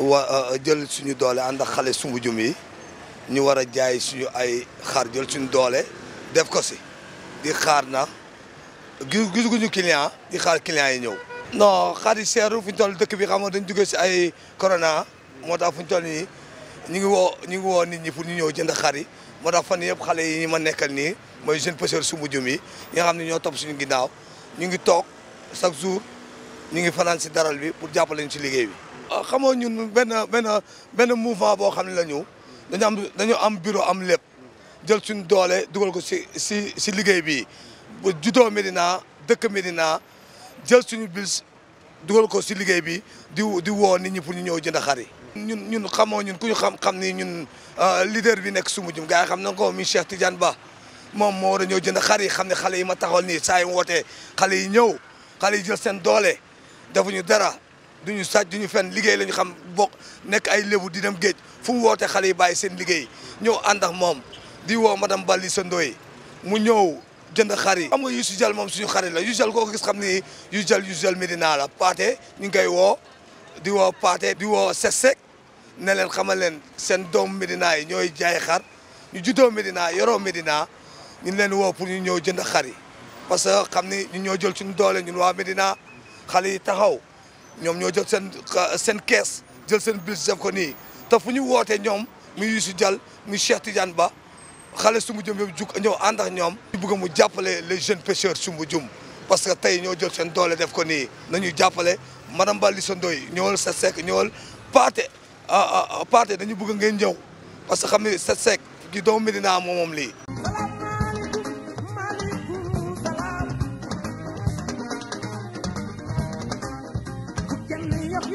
wa euh, euh, jël suñu doole ànd xale sumbu jum yi ñu war a jaay suñu ay xar jël suñu doole def ko si di xaar na gis gisuguñu client di xaar client yi ñëw. non xar yi seeru fu ñu toll dëkk bi xam nga dañ jógee si ay corona moo tax fu ñu toll nii ñu ngi woo ñu ngi woo nit ñi pour ñu ñëw jënd xar yi moo tax fan yëpp xale yi ma nekkal nii mooy jeune pêcheur sumbu jum yi ñi nga xam ne ñoo topp ngi naaw ñu ngi toog chaque jour ñu ngi fanaan si daral bi pour jàppale ñu si liggéey bi. Ah, xamoo ñun benn benn benn mouvement boo xam ne la ñu dañu am dañu am bureau am lépp jël suñ doole dugal ko si si si liggéey bi bu juddoo Médina dëkk Médina jël suñu bis dugal ko si liggéey bi di di woo nit ñi pour ñu ñëw jënd xar yi ñun ñun xamoo ñun ku ñu xam xam ni ñun ah, leader bi nekk Soumbédioune gars yi xam na ko mi Cheikh Tidiane Ba moom moo war a ñëw jënd xar yi xam ne xale yi ma taxawal nii saa yu wootee xale yi ñëw xale yi jël seen doole defuñu dara duñu sàcc duñu fen liggéey lañu xam bokk nekk ay lébu di dem géej fu mu woote xale yi bàyyi seen liggéey ñëw ànd ak moom di woo madame Bali sa ndoy mu ñëw jënd xar yi. xam nga Youssou Dial moom suñu xarit la yu Dial koo gis xam ni Youssou Dial Youssou Dial Medina la Paate ñu ngi koy woo di woo Paate di woo Sesek ne leen xamal leen seen doomu Medina yi ñooy jaay xar ñu juddoo Medina yoroo Medina ñu leen woo pour ñu ñëw jënd xar yi parce que xam ni ñu ñoo jël suñu doole ñun waa Medina xale yi taxaw. ñoom ñoo jël seen seen kees jël seen bilis def ko nii te fu ñu wootee ñoom mu Youssou Diall mu Cheikh Tidiane Ba xale sumbu jum yëpp jug ñëw ànd ak ñoom ñu bëgg mu jàppale les jeunes pêcheurs sumbu jum parce que tey ñoo jël seen doole def ko nii nañu jàppale madame Ba Lissa Ndoye ñëwal sa sec ñëwal paate ah, ah, ah, paate dañu bëgg ngeen ñëw parce que xam ne sa sec gi doomu Medina moom moom lii